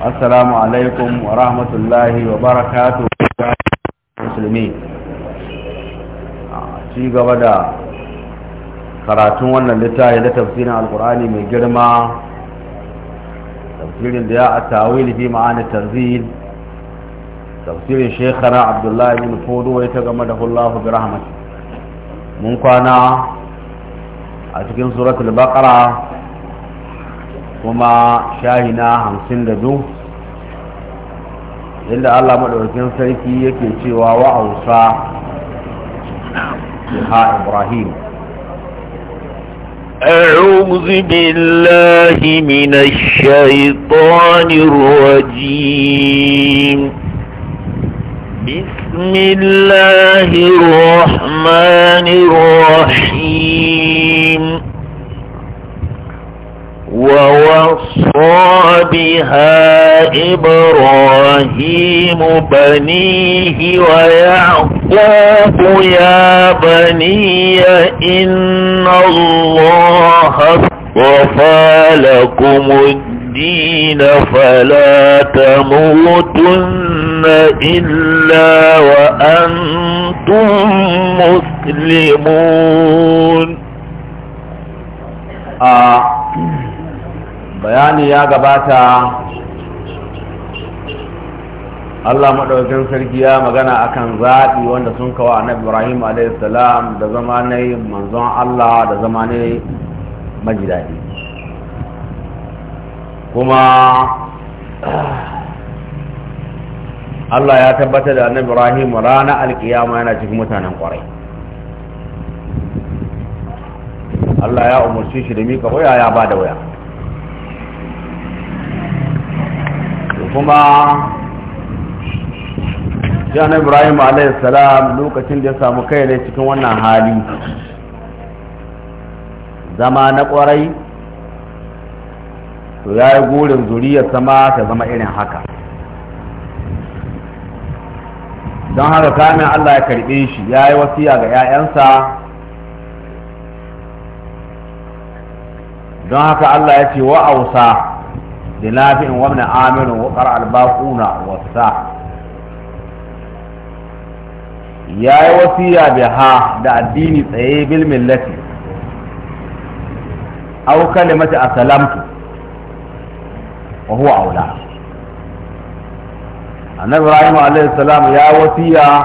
Asalamu alaikum wa rahmatullahi wa barakatu musulmi ci gaba da karatun wannan littafi da tafsirin alkur'ani mai girma tafsirin da ya a tawil fi tanzil tafsirin shekara abdullahi bin fodo ya ta game da hullahu bi rahmat mun kwana a cikin suratul baqara kuma shahi na hamsin da biyu inda allah maɗaukin sarki yake cewa wa hausa ha ibrahim أعوذ بالله من الشيطان الرجيم بسم الله الرحمن الرحيم ووصى بها إبراهيم بنيه ويعقوب يا بني إن الله اصطفى لكم الدين فلا تموتن إلا وأنتم مسلمون آه. bayani ya gabata Allah maɗaukin sarki ya magana akan zaɓi wanda sun kawo annabi Ibrahim salam da zama ne manzon Allah da zama ne majidadi kuma Allah ya tabbatar da annabi Ibrahim rana alkiyama yana cikin mutanen ƙwarai Allah ya umarci shi da mika waya ya ba da waya kuma jan ibrahim alaihissalam lokacin da ya samu kai ne cikin wannan hali zama na kwarai to ya yi gurin zuriyar sama ta zama irin haka don haka kamin allah ya karbe shi ya yi wasiya ga 'ya'yansa don haka allah ya ce wa لنافع وابن عامر وقرأ الباقون والساح يا وصية بها دا الدين طيب الملة أو كلمة أسلمت وهو أولى النبي إبراهيم عليه السلام يا وصية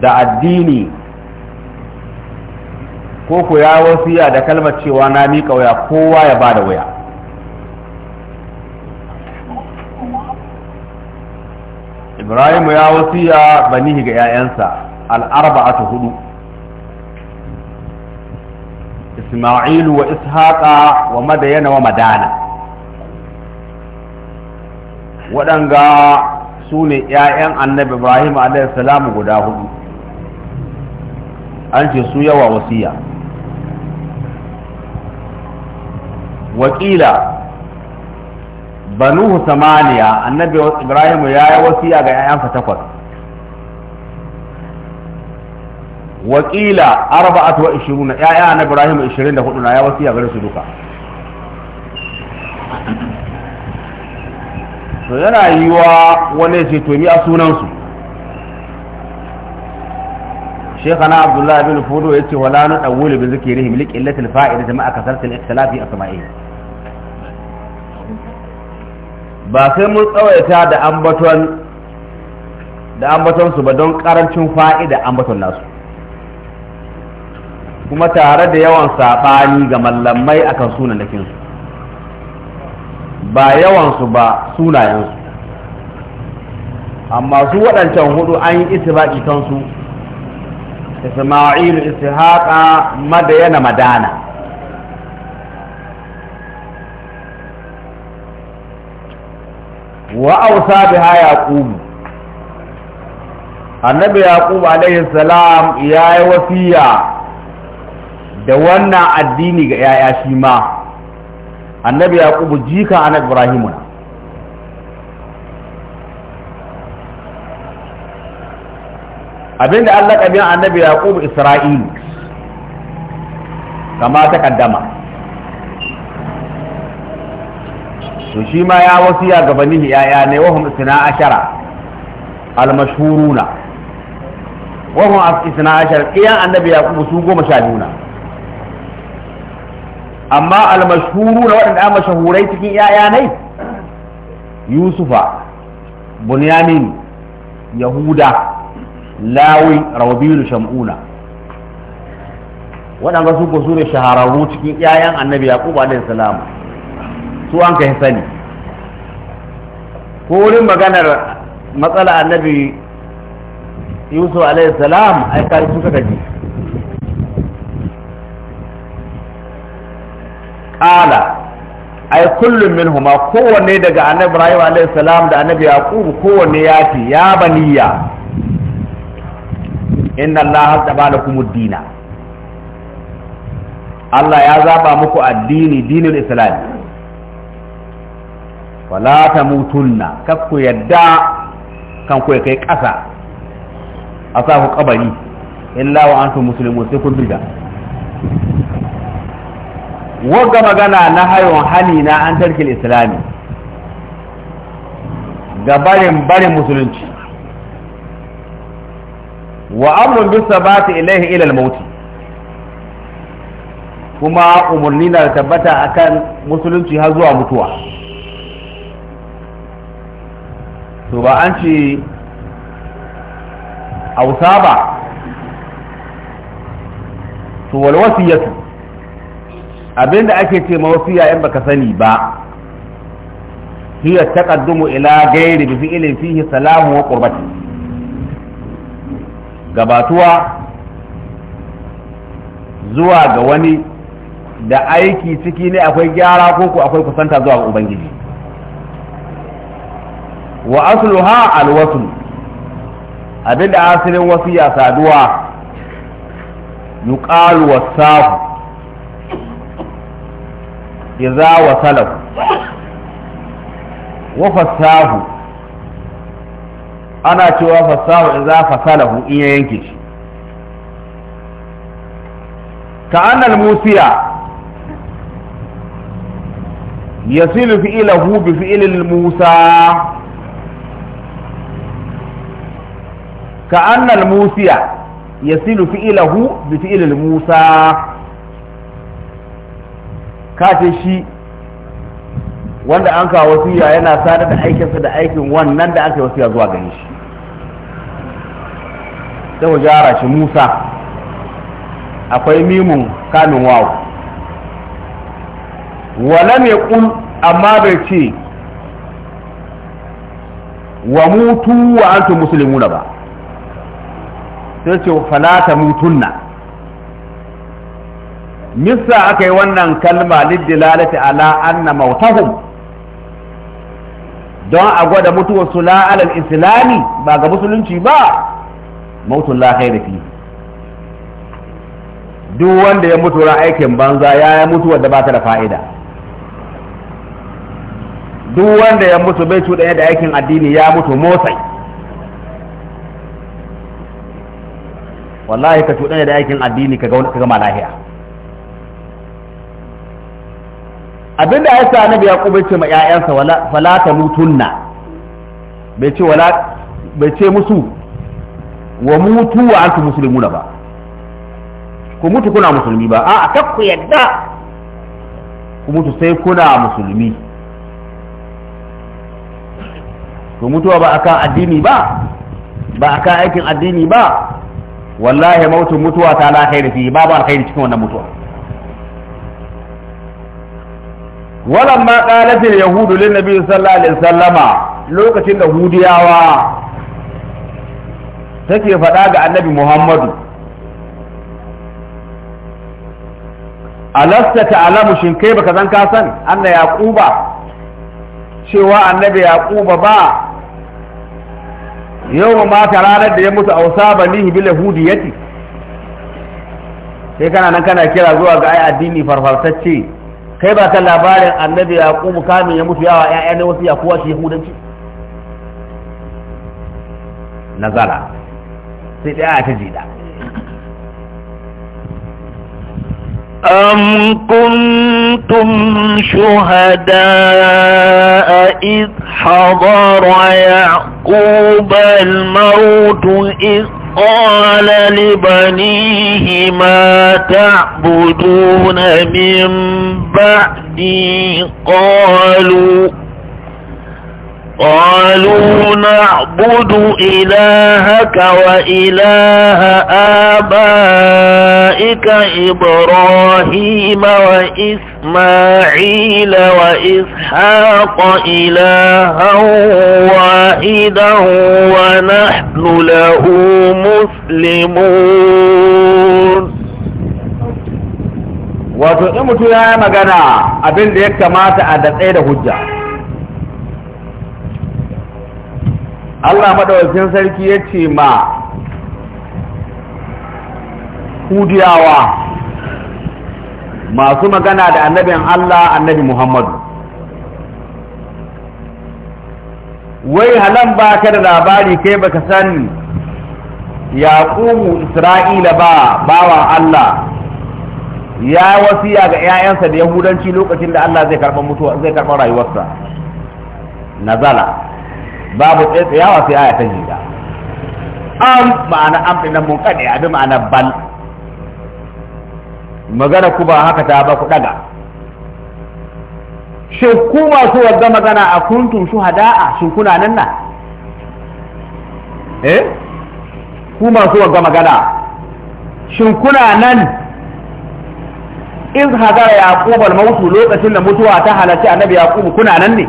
دا الدين koko ya wasiya da kalmar cewa na miƙa waya kowa ya bada waya ibrahim ya wasiya banihi ga 'ya'yansa al'arba'atu hudu Isma'il wa ishaqa wa madayana wa madana waɗanga su 'ya'yan annabi ibrahim salamu guda hudu an ce su yawa wasiya wakila banuhu samaniya annabi Ibrahim ya yi wasiya ga 'ya'yansa takwas wakila arba'atu wa ishiruna ya'ya na ibrahimu 24 na ya wasiya gare su duka to yana yi wa wani ce to mi a sunansu shekana abdullahi bin fudo ya ce wala na ɗawuli bin zikirihim liƙillatil fa'ida jama'a kasartil ikhtilafi a Sama'ai. ba sai mun tsawaita da ambaton da ambaton su ba don karancin fa'ida ambaton nasu kuma tare da yawan saɓani ga mallamai akan sunanakin su ba yawansu ba sunayensu amma su waɗancan hudu an yi isbaƙi kansu isma'ilu ishaqa madayana madana wa ausa biha yaqub annabi yaqub alaihi salam yayi wasiya da wannan addini ga yaya shi ma annabi yaqub jika an ibrahim abinda Allah kabin annabi yaqub isra'il kama ta kaddama to shi ma ya wasiya ga banihi yaya ne wahum isna ashara almashhuruna wahum isna ashara iya annabi yaqub su goma sha biyu na amma almashhuruna waɗanda an mashahurai cikin yaya ne yusufa bunyamin yahuda lawi rabilu shamuna waɗanda su ko su ne shahararru cikin 'ya'yan annabi yaqub alaihi salamu su an kai sani ko wurin maganar matsala annabi yusuf alayhi salam ai kai su ka ji qala ai kullum min huma kowanne daga annabi ibrahim alayhi salam da annabi yaqub kowanne ya ce ya baniya inna allaha taba ad-dina Allah ya zaba muku addini dinul islam fala ta mutunna kar ku yadda kan ku kai ƙasa a sa ku kabari illa wa antum muslimun sai kun bida wagga magana na hayon hali na an tarkil islami ga barin barin musulunci wa amrun bi sabati ilaihi ila al mauti kuma umarni na tabbata akan musulunci har zuwa mutuwa to ba an ce ausa ba to wal wasiyatu da ake ce ma wasiya in baka sani ba hiya taqaddumu ila ghairi bi fi'lin fihi salamu wa qurbati gabatuwa zuwa ga wani da aiki ciki ne akwai gyara ko akwai kusanta zuwa ga ubangiji wa asluha alwasl abinda asirin wasiya saduwa yuqalu wasafu idza wasala wa fasahu ana cewa fasahu idza fasalahu in ya yanke shi ka annal musiya yasilu fi'lahu bi fi'lil musa ka annal musiya yasilu fi'ilahu bi fi'ilil musa kace shi wanda an kawo wasiya yana sadar da aikinsa da aikin wannan da aka yi wasiya zuwa gani shi sai ku shi musa akwai mimun kamin wawo wala mai kun amma bai ce wa mutu wa antum muslimuna ba sai ce fala ta mutunna misa aka yi wannan kalma lalata ala anna mautahum don a gwada mutuwar su la alal islami ba ga musulunci ba mautun lahai da fi duk wanda ya mutu ran aikin banza ya yi mutu wadda ba ta da fa'ida duk wanda ya mutu bai cuɗanya da aikin addini ya mutu motsai wallahi ka cuɗanya da aikin addini ka ga gama lahiya abinda ya sa annabi yaqub ya ce ma ƴaƴansa wala fala mutunna bai ce wala bai ce musu wa mutu wa antum muslimuna ba ku mutu kuna musulmi ba a'a ta ku yadda ku mutu sai kuna musulmi ku mutuwa ba akan addini ba ba akan aikin addini ba wallahi mautun mutuwa ta la khairi fi babu alkhairi cikin wannan mutuwa walamma qalat al-yahudu na nabi sallallahu alaihi wasallama lokacin da hudiyawa take faɗa ga annabi muhammadu alasta ta'lamu shin kai baka zan ka san anna yaquba cewa annabi yaquba ba yau ma ranar da ya mutu a wasa ba lihi bi lahudiyati sai kana nan kana kira zuwa ga ai addini farfarsacce kai ba ta labarin annabi yaqub kamin ya mutu yawa ƴaƴa ne wasu yakuwa shi hudanci nazara sai ɗaya ta jida أم كنتم شهداء إذ حضر يعقوب الموت إذ قال لبنيه ما تعبدون من بعدي قالوا قالوا نعبد إلهك وإله آبائك إبراهيم وإسماعيل وإسحاق إلها واحدا ونحن له مسلمون وفي in mutu ya yi magana abin da ya kamata Allah madawacin sarki ya ce ma hudiyawa masu magana da annabin Allah annabi Muhammadu wai halan ba ka da labari kai ba baka san yaqumu isra'ila ba bawan Allah ya wasiya ga 'ya'yansa da yahudanci lokacin da Allah zai karɓa zai karɓar rayuwarsa nazala babu tsayawa sai aya ta jida am ma'ana am din mun kade abi ma'ana bal magana ku ba haka ta ba ku daga shin ku masu wadda magana a kuntum hada'a shin kuna nan na eh ku masu wadda magana shin kuna nan in hadara yaqub al-mautu lokacin da mutuwa ta halarci annabi yaqub kuna nan ne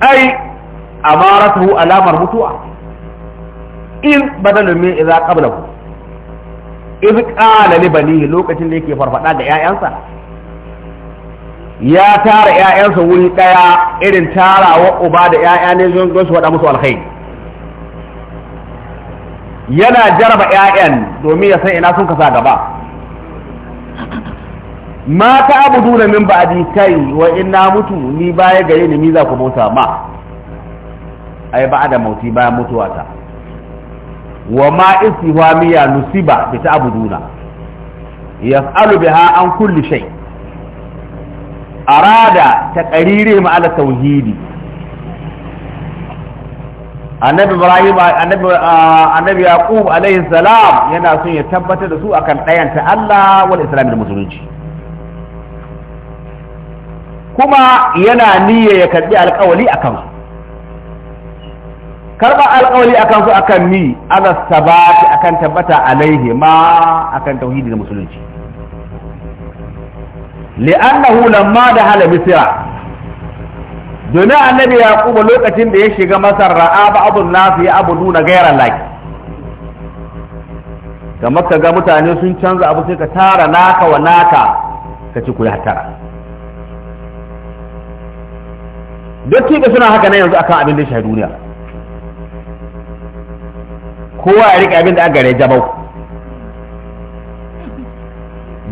ai amaratu alamar mutuwa in badalun min idza qablahu iz qala li bani lokacin da yake farfada ga 'ya'yansa. ya tara 'ya'yansa wuri daya irin tarawa uba da 'ya'ya ne don su wada musu alkhai. yana jaraba 'ya'yan domin ya san ina sun kasa gaba ma ta abudu na min ba'di kai wa in na mutu ni baya gare ni mi za ku bauta ma ai ba da mauti bayan mutuwa ta wa ma istihwamiya nusiba bi ta abuduna yas'alu biha an kulli shay arada ta qarire ma ala tauhidi annabi ibrahim annabi ah, annabi yaqub alaihi salam yana son ya tabbatar da su akan ɗayan ta Allah wal islam da musulunci kuma yana niyya ya karbi alƙawali a kansu karɓar alƙawali a kansu akan ni ala sabati akan tabbata alaihi ma akan tauhidi da musulunci li'annahu lamma da hala misira domin annabi kuma lokacin da ya shiga masar ra'a abun nasu ya abu nuna gairan laki kamar ka ga mutane sun canza abu sai ka tara naka wa naka ka ci ku tara duk tiƙa suna haka nan yanzu akan abin da shi duniya kowa ya riƙe abin da aka gare jabau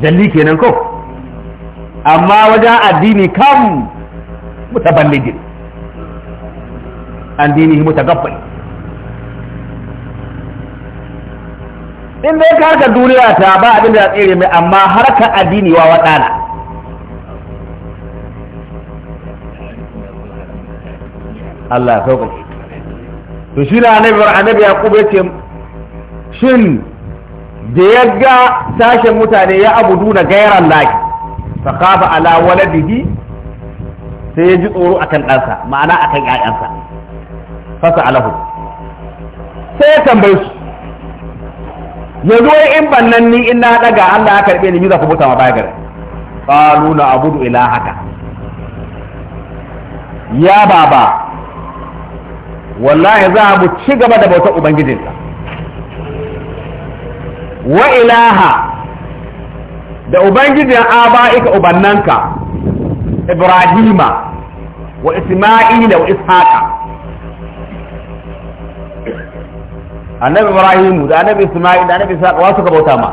jalli kenan ko amma wajen addini kam mutaballidin addini mutagabbal in dai ka harkar duniya ta ba abin da tsere mai amma harkar addini wa waɗana Allah ya sauƙaƙe to shi na annabi annabi ya ya ce shin da ya ga sashen mutane ya abudu na gairan laki fa kafa ala waladihi sai ya ji tsoro akan ɗansa ma'ana akan ƴaƴansa fasa alahu sai ya tambaye su yanzu wai in ban nan ni in na daga Allah ya karbe ni mi za ku buta ma baya gare qalu na abudu ilahaka ya baba wallahi za mu ci gaba da bautar ubangijinsa wa ilaha da ubangijin aba'ika ubannanka ibrahima wa isma'ila wa ishaqa annabi ibrahim da annabi isma'ila da annabi ishaqa wasu ka bauta ma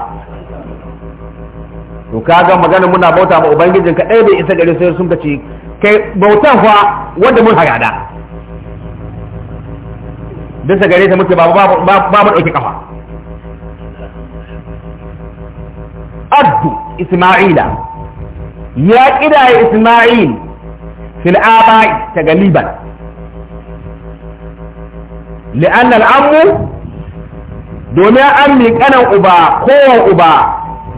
to kaga magana muna bauta ma ubangijin ka ɗaya bai isa gare sai sun ka ce kai bautan fa wanda mun hagada bisa gare ta muke babu babu ɗauki kafa addu isma'ila ya kidaya isma'il fil aba'i ta galiban li'an al'ammu domin an mi kanan uba kowan uba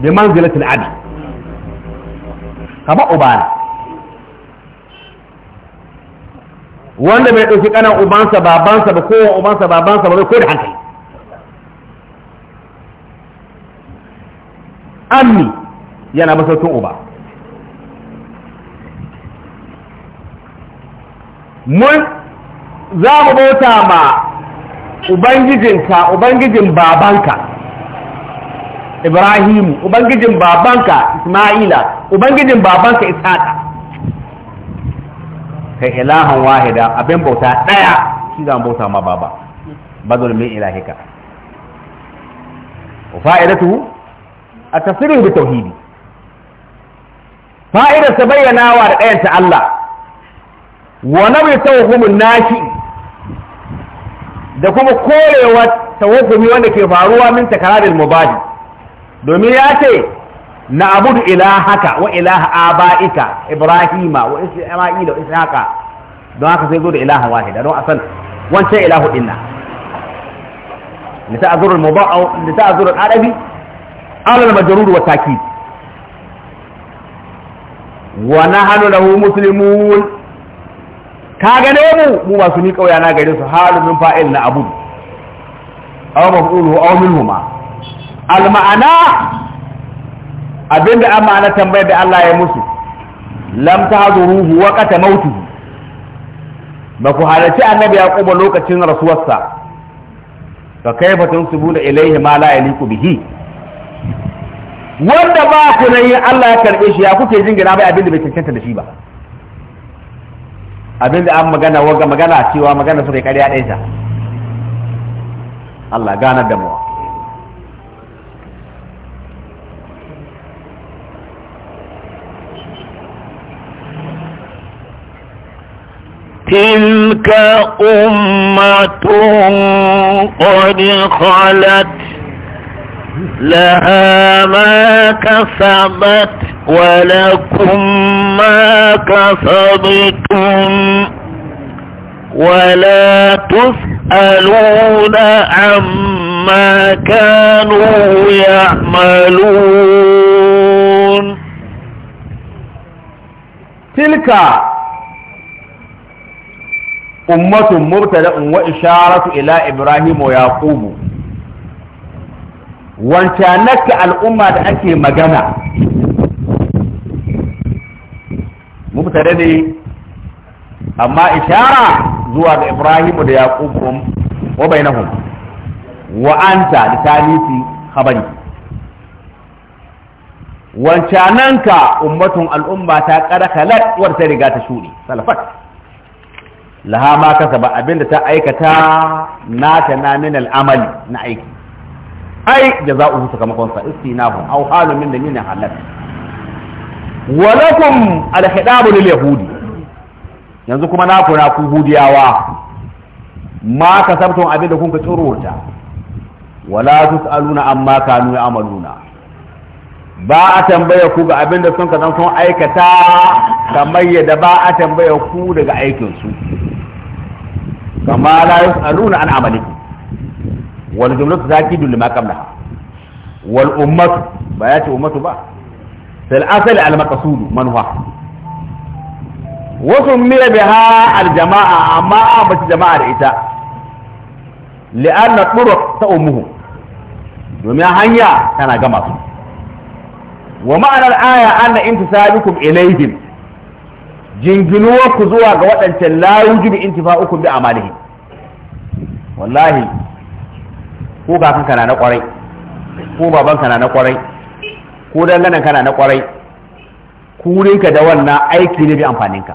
da manzilatul abi kama uba wanda bai ɗauki ƙanan ubansa babansa ba kowa ubansa babansa ba bai da hankali ammi yana masaukin uba mun za mu bauta ma ubangijinka ubangijin babanka ibrahimu ubangijin babanka isma'ila ubangijin babanka ishaqa kai ilahan wahida abin bauta ɗaya, shi zan bauta ma baba badal min ilahika wa fa'idatu at bi tauhidi fa'idar ta bayyana wa da ɗayan ta Allah wa nabi tawhumun nashi da kuma korewa tawhumi wanda ke faruwa min takaradil mubadi domin ya ce na'budu ilahaka wa ilaha abaika ibrahima wa isma'ila wa ishaqa don haka sai zo da ilaha wahida don asan wancan ilahu dinna لتعذر المضاع العربي على المجرور والتاكيد ونحن له مسلمون كاغنه مو مو masu ni kauya na gare su halin min fa'il na abu aw maf'uluhu abinda an ma'ana tambayar da Allah ya musu lam wa wakata mautihi ba ku halarci annabi yaquba lokacin rasuwarsa fa kaifa tunsibuna ilayhi ma la yaliqu bihi wanda ba ku nayi Allah ya karbe shi ya kuke jingina bai abinda bai cancanta da shi ba abinda an magana waga magana cewa magana su yi ƙarya ɗaya Allah ganar da mu تلك أمة قد خلت لها ما كسبت ولكم ما كسبتم ولا تسألون عما كانوا يعملون تلك ummatun mubtada'un wa isharatu ila ibrahim wa yaqub al'umma da ake magana mubtada ne amma ishara zuwa ga ibrahim da yaqub wa bainahum wa anta litalisi khabari wancananka ummatun al'umma ta ta riga ta shuri salafat laha ma kasa ba abinda ta aikata na ta na min al'amali na aiki ai jaza'uhu sakamakon sa istinahum aw halu min da min halal wa lakum al-hidabu lil yahudi yanzu kuma na kura ku hudiyawa ma kasabtum abinda kun ka tsururta wala tusaluna amma kanu ya'maluna ba a tambaya ku ga abinda sun ka zan sun aikata kamar yadda ba a tambaya ku daga aikinsu. su kama la yus'aluna an amaliki wal jumlatu zakidu lima qablaha wal ummatu ba ya ce ummatu ba sai asali al maqsudu manha wasu mira biha al jama'a amma a bace jama'a da ita li'anna turuq ta ummuhu domin hanya tana gama su wa ma'anar aya anna intisabikum ilayhim jinginuwar ku zuwa ga waɗancan layu la yujibu uku bi amalihi wallahi ko kakan kana na kwarai ko baban kana na kwarai ko danganan kana na kwarai kurinka da wannan aiki ne bi amfaninka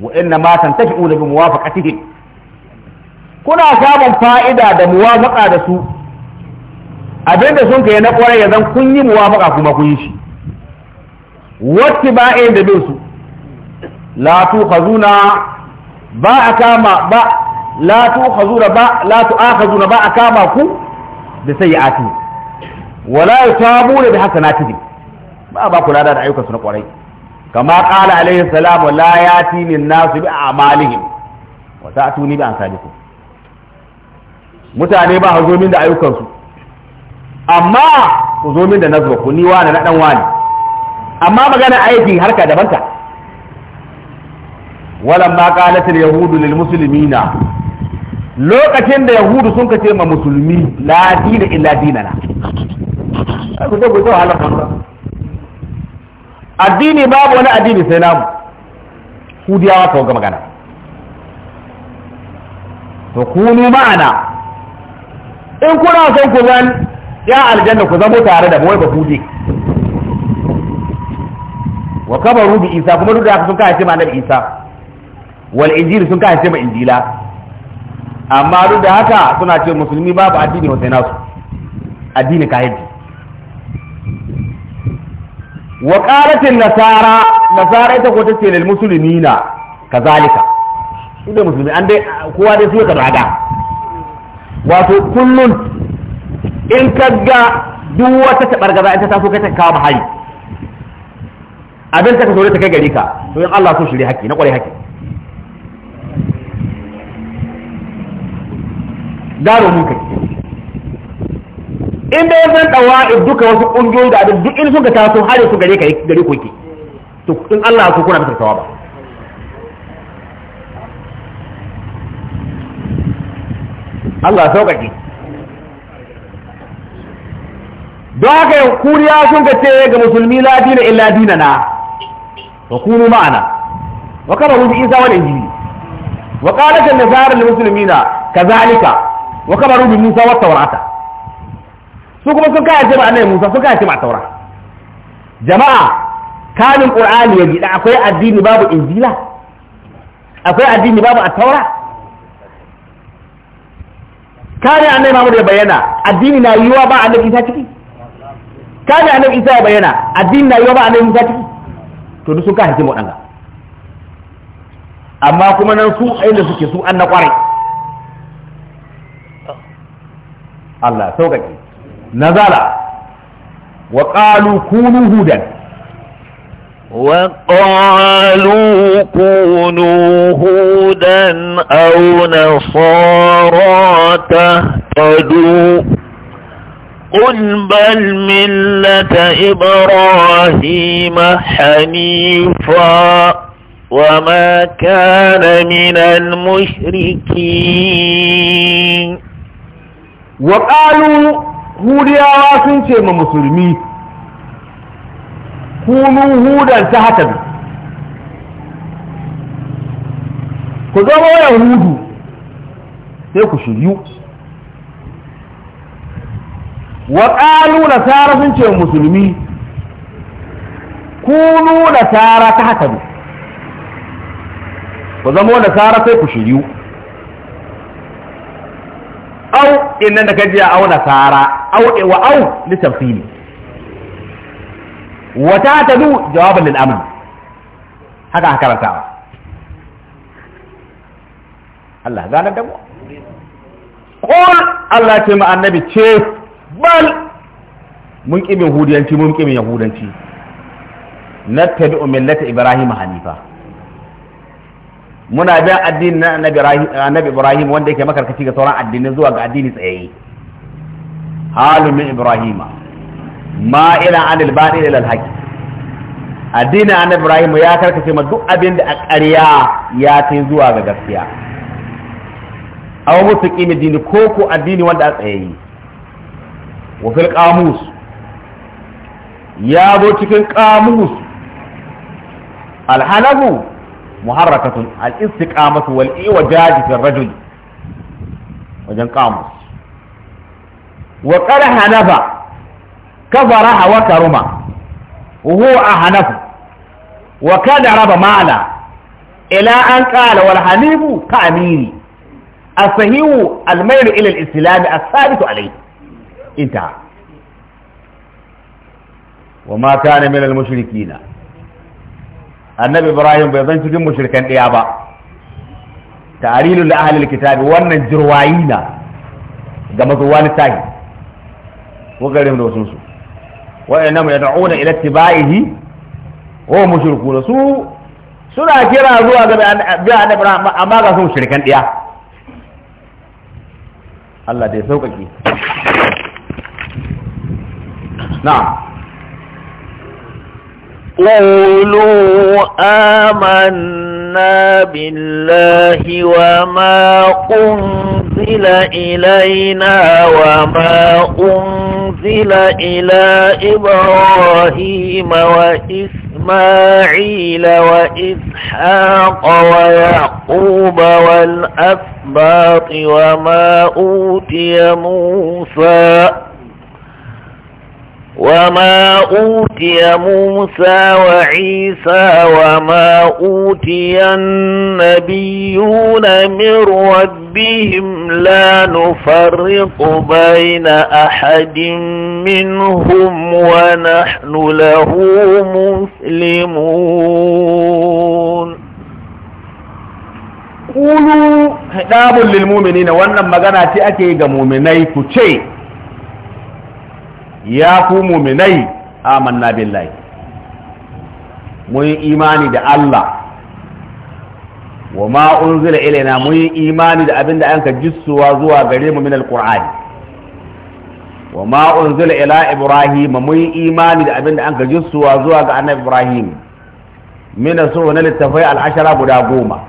wa inna ma tantafi'u bi muwafaqatihi kuna samun fa'ida da muwafaqa da su abinda sun kai na kwarai yanzu kun yi muwafaqa kuma kun yi shi wacce ba a da bin su la tukhazuna ba a kama ba la tukhazuna ba la tu'akhazuna ba a kama ku da sayyi'ati wala yusabu bi hasanati ba ba kula da ayyukan su na kwarai kama qala alaihi salam la yati min nas bi a'malihim wa ta'tuni bi ansalikum mutane ba hazo min da ayyukan su amma ku zo min da nazwa ku ni wani na dan wani amma magana aiki harka daban ta walan ma qalat al yahud lil muslimina lokacin da yahudu sun kace ma musulmi la dina illa dinana ku ta ku ta halaka addini babu wani addini sai namu hudiyawa kawo ga magana to kunu ma'ana in kuna son ku zan ya aljanna ku zamo tare da mu wai ba hudi wa kabaru bi isa kuma duk da haka sun kace ma annabi isa wal injil sun kace ma injila amma duk da haka suna ce musulmi babu addini wasai nasu addini kahiji wa qalatin nasara nasara ita ko tace lil muslimina kazalika idan musulmi an dai kowa dai suka raga wato kullun in kaga duk wata tabargaza ita ta so kai ta kawo hari abin ta ka saurari ta kai gari ka to in Allah so shirye haƙƙi na ƙwarai haƙƙi garo mun kai in da yanzu dawa duka wasu ƙungiyoyi da abin duk in sun ka taso har su gare ka gare ku ke to in Allah so kuna fitar ba Allah sauƙaƙe don haka kuriya sun ga ce ga musulmi ladina illa dinana. وكونوا معنا وكره بعيسى والإنجيل وقالت النصارى للمسلمين كذلك وكبروا بموسى والتوراة su kuma sun kaya jama'a ne Musa sun kaya jama'a Taura jama'a kanin Qur'ani ya gida akwai addini babu Injila akwai addini babu At-Taura kare annabi Muhammad ya bayyana addini na yiwa ba annabi Isa ciki kare annabi Isa ya bayyana addini na ba to duk sun ka hakim waɗanda amma kuma nan su inda suke su an na ƙwarai Allah sauƙaƙe nazala wa ƙalu kunu hudan kunu hudan هودا أو ta تهتدوا قل بل ملة إبراهيم حنيفا وما كان من المشركين وقالوا هوديا شيء من مسلمي كونوا هودا سهتا كذا هو يهود sai ku wa ƙalu nasara sun ce musulmi kunu nasara ta haka ne ku zama nasara sai ku shiryu au inna da gajiya au nasara au wa au litafsili wa ta tadu jawaban lil amr haka haka rantawa Allah ganar da mu qul Allah ce ma annabi ce bal mun min hudiyanci mun ƙi min yahudanci na tabi'u millata ibrahim hanifa muna bi addinin na annabi ibrahim wanda yake makarkaci ga sauran addinai zuwa ga addini tsayayye halu min ibrahima ma ila anil batil ila alhaq addinin annabi ibrahim ya karkace ma duk abin da a ƙarya ya kai zuwa ga gaskiya aw mutuqim dini ko ko addini wanda a tsayayye وفي القاموس يا بوتك القاموس الحلب محركة الاستقامة والإيوجاج في الرجل وجن قاموس وقال حنفا كفر وكرما وهو أحنف وكان عرب معنا إلى أن قال والحنيف قاميني الصحيح الميل إلى الإسلام الثابت عليه ita wa ma kana min al-mushrikina annabi ibrahim bai zan cikin mushrikan ɗaya ba ta'arilu da ahli al-kitab wannan jirwayina ga mazuwa tahi, ko garin da wasu su wa'annan mu yad'una ila tibaihi wa mushrikuna su suna kira zuwa ga bi annabi ibrahim amma ga su mushrikan ɗaya Allah dai sauƙaƙe نعم قولوا آمنا بالله وما أنزل إلينا وما أنزل إلى إبراهيم وإسماعيل وإسحاق ويعقوب والأسباط وما أوتي موسى وما أوتي موسى وعيسى وما أوتي النبيون من ربهم لا نفرق بين أحد منهم ونحن له مسلمون قولوا خطاب للمؤمنين وانا مغانا تي اكي ga ya ku muminai amanna billahi mun yi imani da Allah wa ma unzila ilaina mun yi imani da abinda an ka jissuwa zuwa gare mu min alqur'ani wa ma unzila ila ibrahim mun yi imani da abinda an ka jissuwa zuwa ga annabi ibrahim min sunan littafai al-ashara guda goma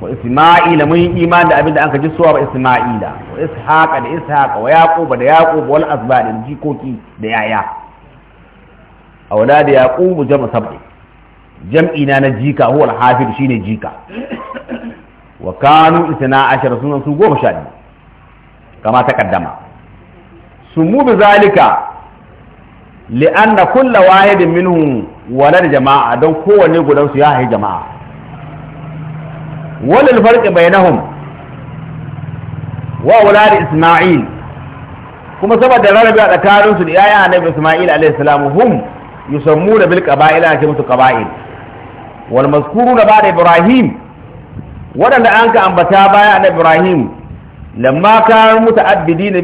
wa isma'ila mun iman da abinda anka ji suwa wa isma'ila wa ishaqa da ishaqa wa yaquba da yaqub wal asbad jikoki da yaya aulad yaqub jam sab'i jam'i na na jika huwa al-hafiz shine jika wa kanu isna sunan su goma sha biyu kama takaddama sumu bi zalika li'anna kullu wahidin minhum walad jama'a don kowanne gudan su ya haifi jama'a walil bai bainahum wa da isma'il kuma saboda rarrabe a tsakanin su da yayan annabi isma'il alaihi salam hum yusammuna bil qaba'il ake musu qaba'il wal ba ba'da ibrahim waɗanda an ka ambata baya na Ibrahim lamma kan muta'addidi na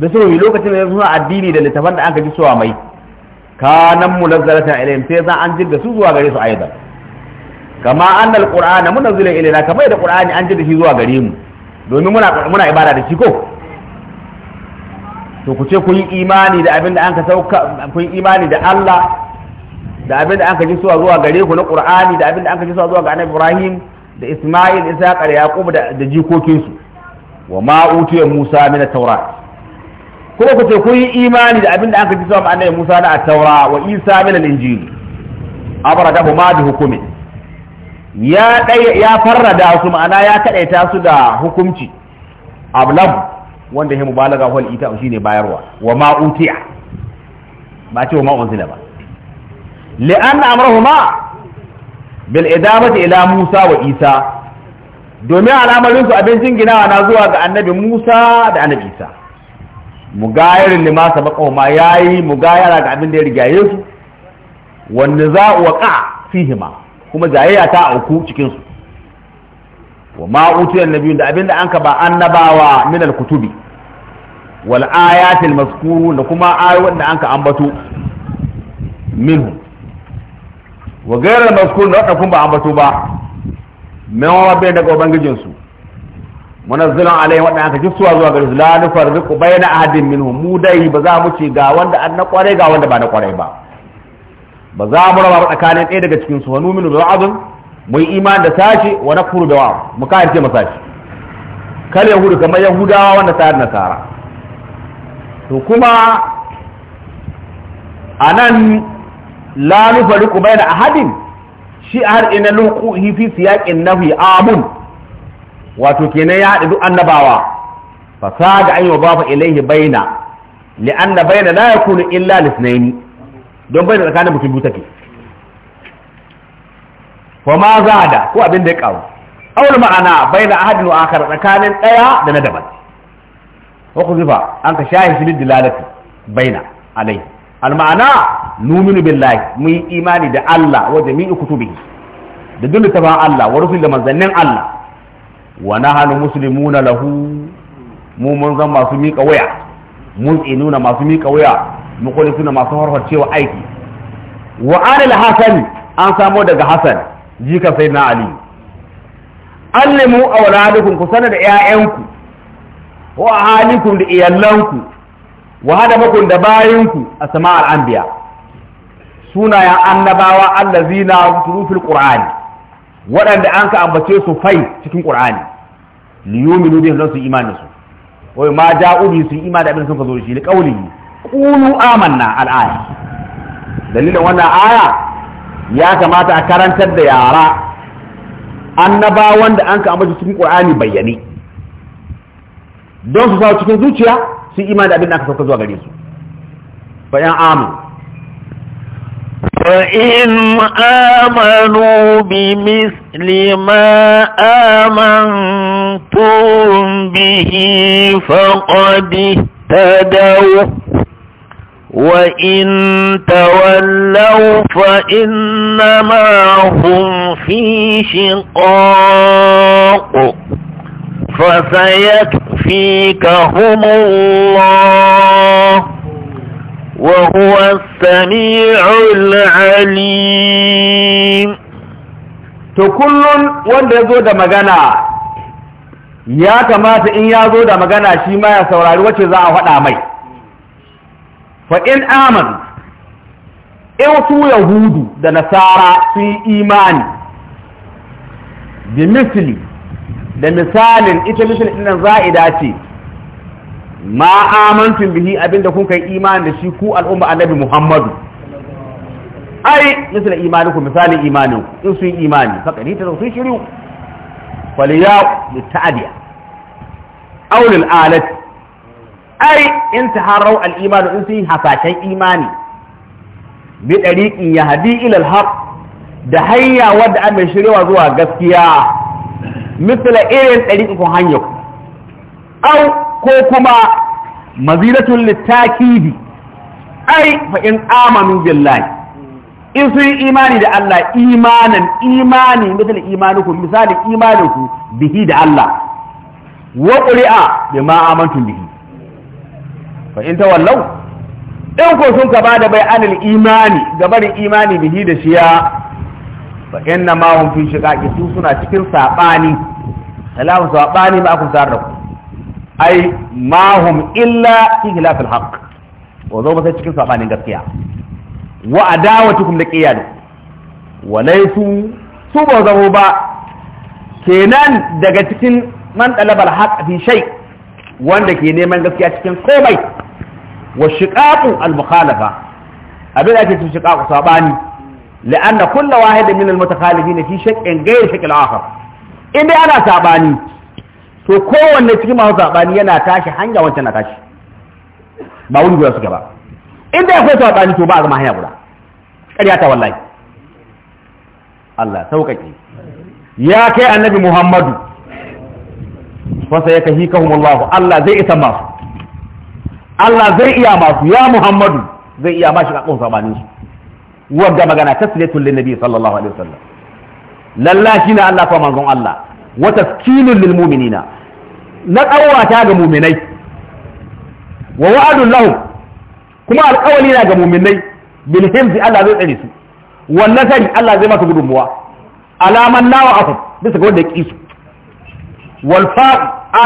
bisu lokacin da suna addini da littafan da an ka ji suwa mai kanan munazzalatan ilayhim sai za an jirga su zuwa gare su aidan kama annal qur'ana munazzilun ilaina kamar da qur'ani an da shi zuwa gare mu domin muna muna ibada da shi ko to ku ce kun imani da abin da an ka sauka kun imani da Allah da abin da an ka ji suwa zuwa gare ku na qur'ani da abin da an ka ji suwa zuwa ga annabi Ibrahim da Isma'il Isaac da Yaqub da da jikokinsu wa ma utiya Musa min at-Taurat kuma ku ce kun yi imani da abin da an ka ji suwa annabi Musa na at-Taura wa Isa min al-Injil abradahu ma bi hukumi ya ya farrada su ma'ana ya kadaita su da hukunci ablam wanda ya mubalaga wal ita ne bayarwa wa ma utiya ba ce wa ma unzila ba li'anna amrahuma bil idamati ila Musa wa Isa domin al'amarin su abin jinginawa na zuwa ga annabi Musa da annabi Isa mugayirin lima sabaka ma yayi mugayara ga abin da ya rigaye su wan niza'u waqa fihima kuma jayayya ta auku cikin su wa ma utiya annabiyun da abinda an ka ba annabawa min al-kutubi wal ayatil mazkurun da kuma ayoyin da an ka ambato minhu. wa ghayral mazkurun da kun ba ambato ba min rabbi daga ubangijin su munazzilan alaihi wadda aka jissuwa zuwa ga la nufarriqu bayna ahadin minhum mu dai ba za mu ce ga wanda an na kware ga wanda ba na kware ba ba za mu raba tsakanin ɗaya daga cikin su wa numinu bi mu yi imani da sashi wa nakfuru bi ba'd mu kafirce masa shi kal yahudu kamar yahudawa wanda sayar nasara to kuma anan la nufariqu baina ahadin shi har ina luku fi siyaqin nahyi amun wato kenan ya duk annabawa fasaga an yubafa ilayhi baina anna baina la yakunu illa lisnaini don bai da tsakanin mutum biyu take wa ma za da ko abin da ya karu awul ma'ana bai da ahadin wa akar tsakanin ɗaya da na daban wa ku zufa an ka shahi filin dilalati baina alai al ma'ana numinu billahi mun yi imani da Allah wa jami'i kutubihi da duk littafin Allah wa rusul da manzannin Allah wa nahanu muslimuna lahu mu mun zan masu miƙa waya mun tsinuna masu miƙa waya mukulin suna masu harfarcewa aiki wa anil hasan an samo daga hasan jikan sai na ali allimu auladukum ku sanar da ƴaƴanku wa ahalikum da iyallanku wa hadamakum da bayinku a sama'ar anbiya sunayen annabawa allazina turufil qur'ani waɗanda an ka ambace su fai cikin qur'ani liyuminu bihim su imani su wai ma ja'u bi su imani da abin sun fazo shi li qawlihi ƙunu amanna al'aya dalilin wannan aya ya kamata a karantar da yara annabawan da an ka amince cikin ƙur'ani bayyane don su sa cikin zuciya su imani da abin da aka sauka zuwa gare su bayan amin فإن آمنوا بمثل ما آمنتم به فقد اهتدوا وَإِن تَوَلَّوْا فَإِنَّمَا هُمْ فِي شِقَاقٍ فَسَيَكْفِيكَهُمُ اللَّهُ وَهُوَ السَّمِيعُ الْعَلِيمُ تكل وندزو دا مغانا يَا kamata in ya zo da magana shi ma ya saurari wacce za a faɗa fa in amanu in su yahudu da nasara su yi imani bi misli da misalin ita misalin ina za'ida ce ma amantum bihi abinda kun kai imani da shi ku al'umma annabi Muhammadu ai misali imaninku, misalin imaninku, in sun imani fakari ta sun shiru faliya ta'adiya aulul alat ai in taharau al-iman in sun hasashen imani bi dariqi yahdi ila al-haq da hanya wadda an mai shirewa zuwa gaskiya misala irin dariqi kun hanyar au ko kuma mazilatul litakidi ai fa in amanu billahi in sun yi imani da Allah imanan imani misali imanukum misali imaninku bihi da Allah wa qur'a bima amantum bihi fa in tawallau in ko sun ka bada bai anil imani gabarin imani bihi da shiya fa inna ma hum fi shiqaqi su suna cikin sabani salamu sabani ba kun tare da ku ai ma hum illa fi khilafil haqq wa zo ba sai cikin sabanin gaskiya wa adawatukum da qiyadu wa laysu su ba zamo ba kenan daga cikin man ɗalabar haƙa fi shai wanda ke neman gaskiya cikin komai والشقاق المخالفة أبدا كنت الشقاق صاباني لأن كل واحد من المتخالفين في شك غير شك الآخر إني أنا صاباني فكو أن نتكلم هو صاباني يناتاشي حنجا وانت ناتاشي باوني قول سكبا إني أخوة صاباني توبا أغمى هيا قولا أرياتا والله الله سوكك يا كي النبي محمد فسيكهيكهم الله الله زي إسماسه Allah zai iya masu ya Muhammadu zai iya mashi kakon sabanin su wadda magana tasliyatul lin nabi sallallahu alaihi wasallam lallashi na Allah fa manzon Allah Wata taskinul lil mu'minina na tsawata ga mu'minai wa wa'adul lahum kuma alƙawali na ga mu'minai bil himzi Allah zai tsare su wannan sani Allah zai masa gudunmuwa alaman nawa afu bisa ga wanda ya kisu wal fa'i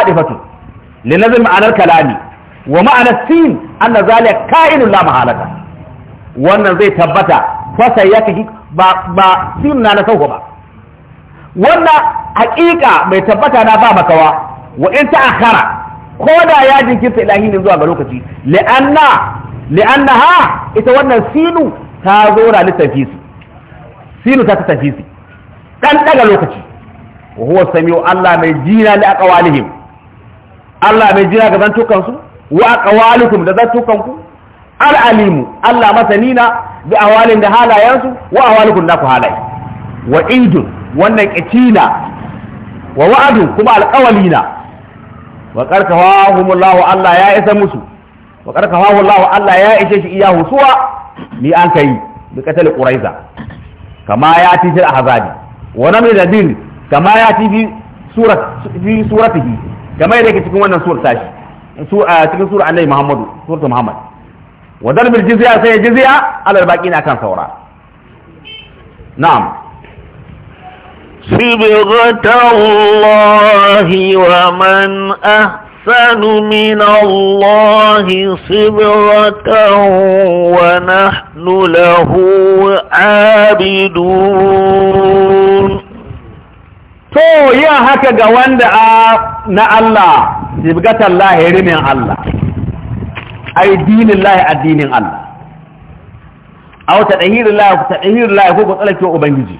adifatu lil nazmi ma'anar kalami wa ma'anar sin an na zaliya ka'inun la wannan zai tabbata fasa ya kahi ba sin na na sauko ba wannan haƙiƙa mai tabbata na ba makawa wa in ta akhara ko da ya jinkirta ilahi ne zuwa ga lokaci li'anna li'anna ha ita wannan sinu ta zo ra su, sinu ta tafisi dan daga lokaci wa huwa samiu Allah mai jira li aqwalihim Allah mai jina ga zantukan su wa aqwalukum da zattukan ku al alimu Allah masani na bi awalin da halayen su wa awalukum naku halai wa idun wannan kitina wa wa'adun kuma alqawalina wa qarkawahum Allah Allah ya isa musu wa qarkawahu Allah Allah ya ishe shi iyahu suwa ni an kai bi katal quraiza kama ya ti fil ahzabi wa namri nadir kama ya ti fi surat fi suratihi kama yake cikin wannan surat shi. cikin sura annabi muhammadu suratu muhammad wa darbil jizya sai jizya alal baqina kan saura na'am صبغة الله ومن أحسن من الله صبغة ونحن له عابدون to yin haka ga wanda na Allah sibgatan lahi rimin Allah ai dinin lahi addinin Allah aw tadahirin lahi tadahirin lahi ko tsalake ubangiji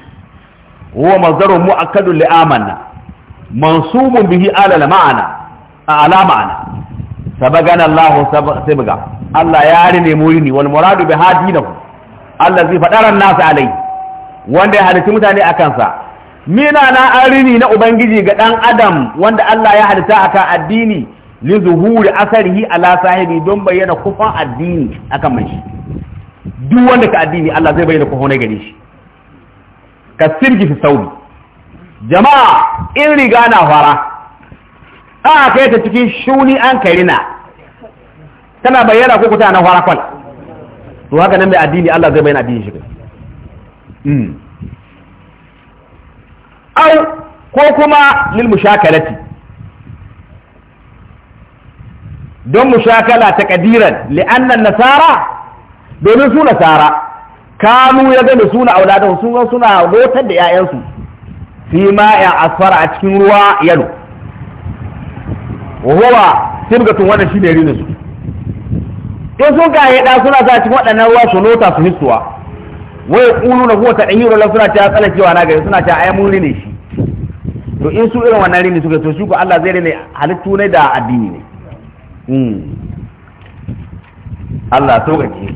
huwa mazdaru muakkadun li amanna mansubun bihi ala ma'ana ala ma'ana sabagana Allah sabga Allah ya rine mu rini wal muradu bi hadinahu Allah zai fadaran nasu alai wanda ya halitta mutane akan sa mina na arini na ubangiji ga dan adam wanda Allah ya halitta akan addini li zuhuri asarihi ala sahibi don bayyana kufan addini aka mai shi duk wanda ka addini Allah zai bayyana kufan gare shi ka sirgi fi sauri jama'a in riga na fara a kai ta cikin shuni an karina tana bayyana ko kuta na fara kwal to haka nan mai addini Allah zai bayyana addini shi hmm. au ko kuma lil mushakalati don mushakala ta kadiran li'annan nasara domin su nasara kanu ya gani suna auladan sun suna lotar da 'ya'yansu fi ma ya asfara a cikin ruwa yalo wahowa tun wannan shi ne rinin su in sun gaye da suna sa cikin waɗannan ruwa su lota su wai kunu na huwa tadahiru la suna ta cewa na gari suna ta ayamun rine shi to in su irin wannan rine suka to shi ko Allah zai rine halittu ne da addini ne hmm. Allah sauƙaƙe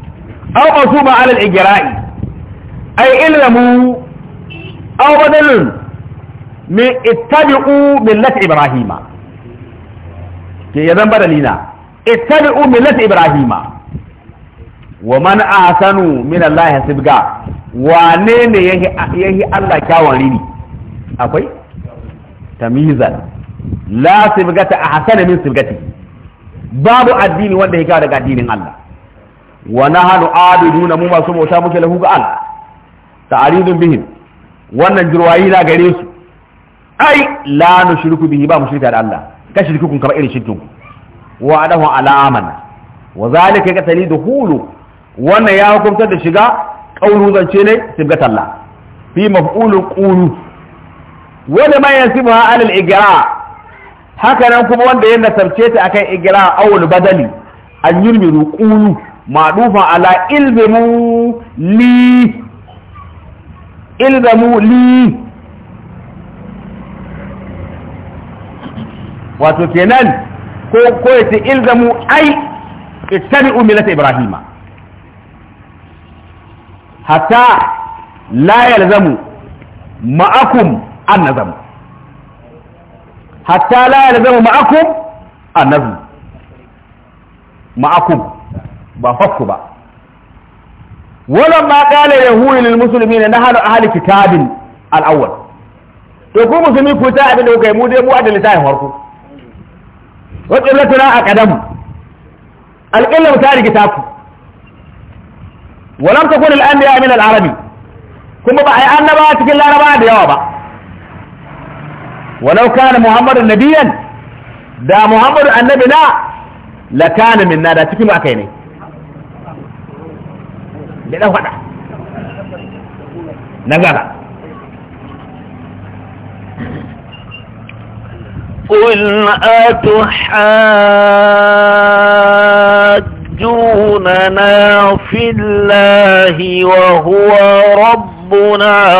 aw qasuma ala al-ijra'i ay ilmu aw badalun min ittabi'u millati ibrahima ke yadan badalina ittabi'u millati ibrahima wa man ahsanu min Allah sibga wane ne yi Allah kyawun rini akwai tamizan la sibgata a hasana min sibgati babu addini wanda ya kawo daga addinin Allah wa nahnu nuna mu masu bauta muke lahu ga Allah ta'aridun bihin wannan jirwayi na gare su ai la shirku bihi ba mu shirka da Allah ka shirku kun kamar irin shirkin wa adahu ala amana wa zalika ka dukhulu wannan ya hukuntar da shiga ƙauru zance ne sibga talla fi maf'ulun ƙuru wanda ma yansibu ha alal igira haka nan kuma wanda ya nasarce ta akan igira awul badali an yulmiru ƙuru ma'dufa ala ilzimu li ilzamu li wato kenan ko ko yace ilzamu ai ittabi'u millata ibrahima hatta la yalzamu ma'akum nazam, hatta la yalzamu ma'akum annazam ma'akum ba fakku ba wannan ma kala yahudi lil muslimin nahanu ahli kitabin al-awwal to ku musulmi ku ta abin da kuka yi mu dai mu adalci ta farko wa qillatuna aqdam al-qillam ta rigita ku ولم تكن الأنبياء من العربي كما بأي أنبا تكن لأنبا يابا ولو كان محمد نبيا دا محمد النبي لا لكان منا دا تكن أكيني لأنه فدا نقالا نعم. قل أتحاد يحجوننا في الله وهو ربنا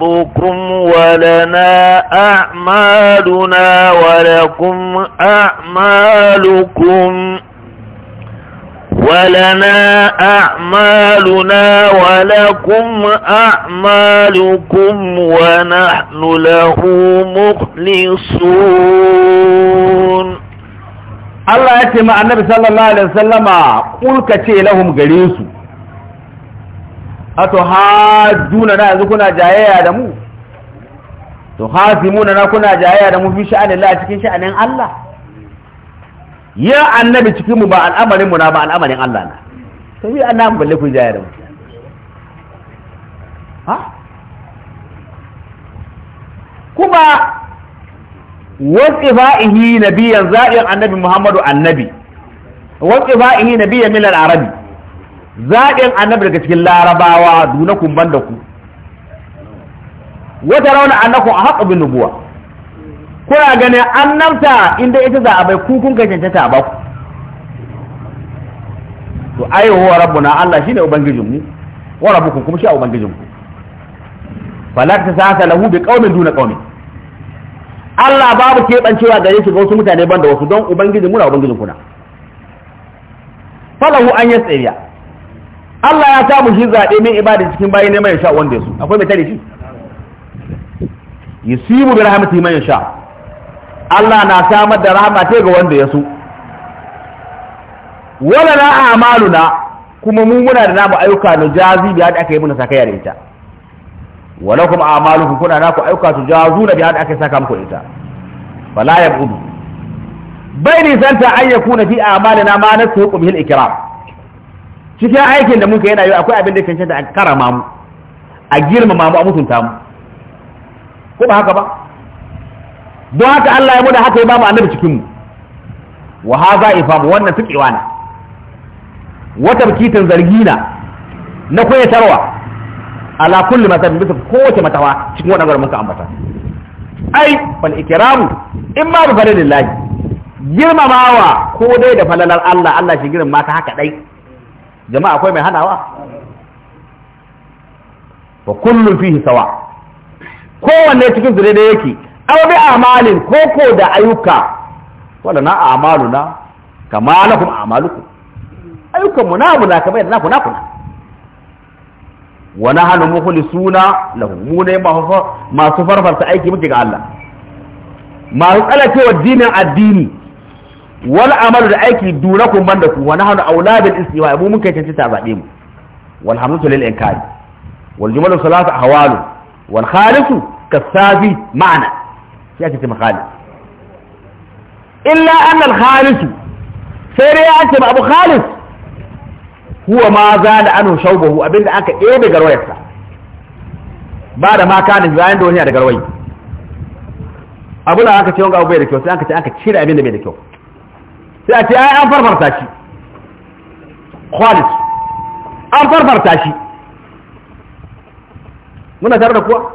وربكم ولنا أعمالنا ولكم أعمالكم ولنا أعمالنا ولكم أعمالكم ونحن له مخلصون Allah ya ce ma annabi sallallahu alaihi wasallama kulka ce lahum gare su ato juna na yanzu kuna jayayya da mu to hasimuna na kuna jayayya da mu fi sha'anin Allah cikin sha'anin Allah ya annabi cikin mu ba al'amarin mu na ba al'amarin Allah na to yi annabi balle ku jayayya da mu ha kuma waqifa'ihi nabiyan za'in annabi muhammadu annabi waqifa'ihi nabiyan min al-arabi za'in annabi daga cikin larabawa dunakum banda ku wata rauna annakum ahqqu bin nubuwa kuna ganin annabta inda ita za a bai ku kun a baku rabbuna Allah shine ubangijinmu wa rabbukum kuma shi ubangijinku falak tasata lahu bi qaumin duna qaumin Allah babu keɓancewa gare shi ga wasu mutane ban da wasu don ubangiji muna ubangijin kuna falahu an tsariya. Allah ya samu shi zaɓe min ibada cikin bayi neman ya sha wanda ya su akwai mai tare shi yusibu bi rahmatihi man yasha Allah na samar da rahama ta ga wanda ya so wala na amaluna kuma mu muna da namu ayyuka na jazibiya da aka yi muna sakaya da ita Wala kuma amaluhu kuna na ku aika su jazu na biya da aka saka muku ita fala ya budu bai nisanta ta ya kuna fi amalina ma na su hukumihil ikiram cikin aikin da muka yana yi akwai abin da cancanta a karama mu a girmama mu a mutunta mu ko ba haka ba don haka Allah ya muna haka ya ba mu annabi cikin mu wa hadha ifam wannan tukewa ne wata bikitin zargina na koyatarwa ala kulli mazhabin bisa kowace matawa cikin mun muka ambata ai fal ikramu imma bi fadlillahi girmamawa ko dai da falalar Allah Allah shi girin ta haka dai jama'a akwai mai hanawa wa kullu fihi sawa kowanne cikin su da yake aw bi amalin ko da ayyuka wala na amaluna kama lakum amalukum ayyukan mu na mu na kamar yadda na ku na ku na wa nahnu mukhlisuna lahu mu ne masu farfarta aiki muke ga Allah masu wa dinin addini wal amalu da aiki kun banda ku wa nahnu auladul istiwa mu mun kai ta zabe mu wal hamdu lil inkari wal jumalu salatu ahwalu wal khalisu kasafi ma'ana shi ake cewa khalis illa anna al khalis sai dai ake abu khalis huwa ma za da anu shaubahu abinda aka da garwayarsa ba da ma zayen duniya da garwayi abu da aka ce wanga abu bai da kyau sai aka ce aka cire abinda bai da kyau sai a ce ai an farfarta shi khalis an farfarta shi muna tare da kuwa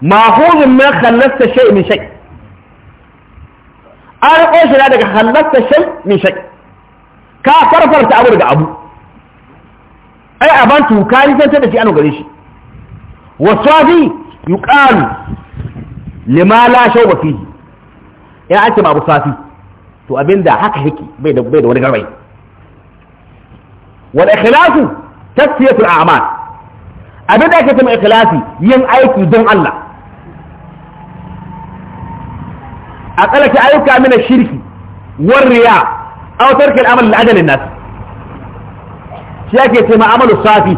mahuzin min khallasta shay min shay an riko shi daga khallasta shay min shay ka farfarta abu daga abu ai a ban tuka ni zan da shi ano gare shi wa sabi yuqalu lima la shawba fihi ya ake babu safi to abinda haka yake bai da bai da wani garbai wal ikhlasu tasfiyatul a'mal abinda ake cewa ikhlasi yin aiki don Allah a tsalake ayyuka mina shirki war riya aw tarkil amal li ajali nas shi ake ce ma'amalu safi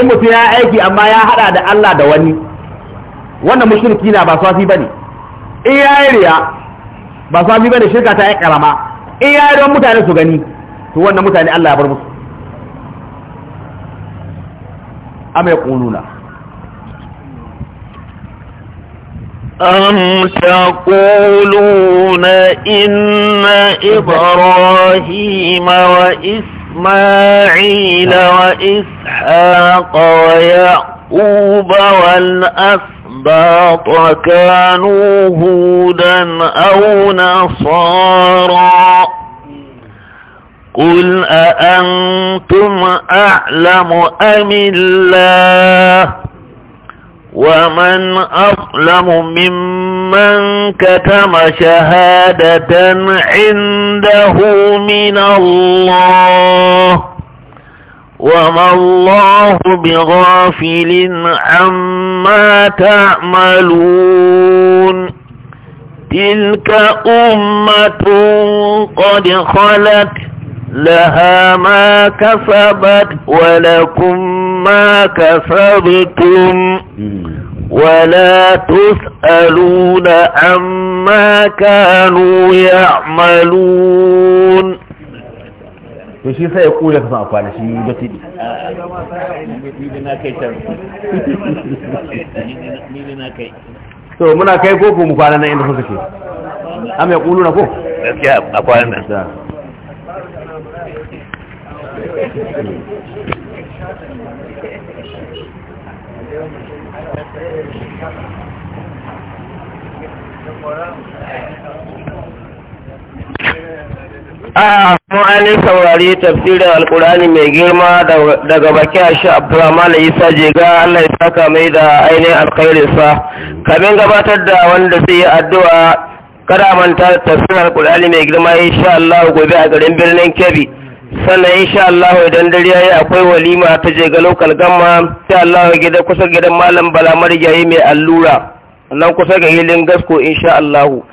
in mutum ya aiki amma ya hada da Allah da wani wannan mushriki na ba safi bane in ya yi riya ba safi bane shirka ta yi karama in ya yi don mutane su gani to wannan mutane Allah ya bar musu amma ya kuluna أم تقولون إن إبراهيم وإسرائيل وإسماعيل نعم. وإسحاق ويعقوب والأسباط كانوا هودا أو نصارا قل أأنتم أعلم أم الله ومن أظلم ممن كتم شهادة عنده من الله وما الله بغافل عما تعملون تلك أمة قد خلت لها ما كسبت ولكم ما كسبتم ولا تسألون عما كانوا يعملون to shi sai ya kula ka san amfani shi da ti tiɗi to muna kai ko mu kwana nan inda suka ce am ya kulu na ko gaskiya akwai kwanan nan an yi saurari tafsirin alkurani mai girma daga baki a shi abdurrahman isa jega allah ya saka mai da ainihin alkhairinsa kamin gabatar da wanda zai yi addu'a kada manta tafsirin alkurani mai girma insha Allahu gobe a garin birnin kebbi sannan insha Allah idan dare yayi akwai walima ta je ga local gamma insha Allah gida kusa gidan malam Bala Marigayi mai allura nan kusa ga hilin gasko insha Allah